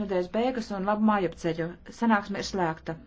Nedēļas beigas un labu mājapceļu. Sanāksme ir slēgta.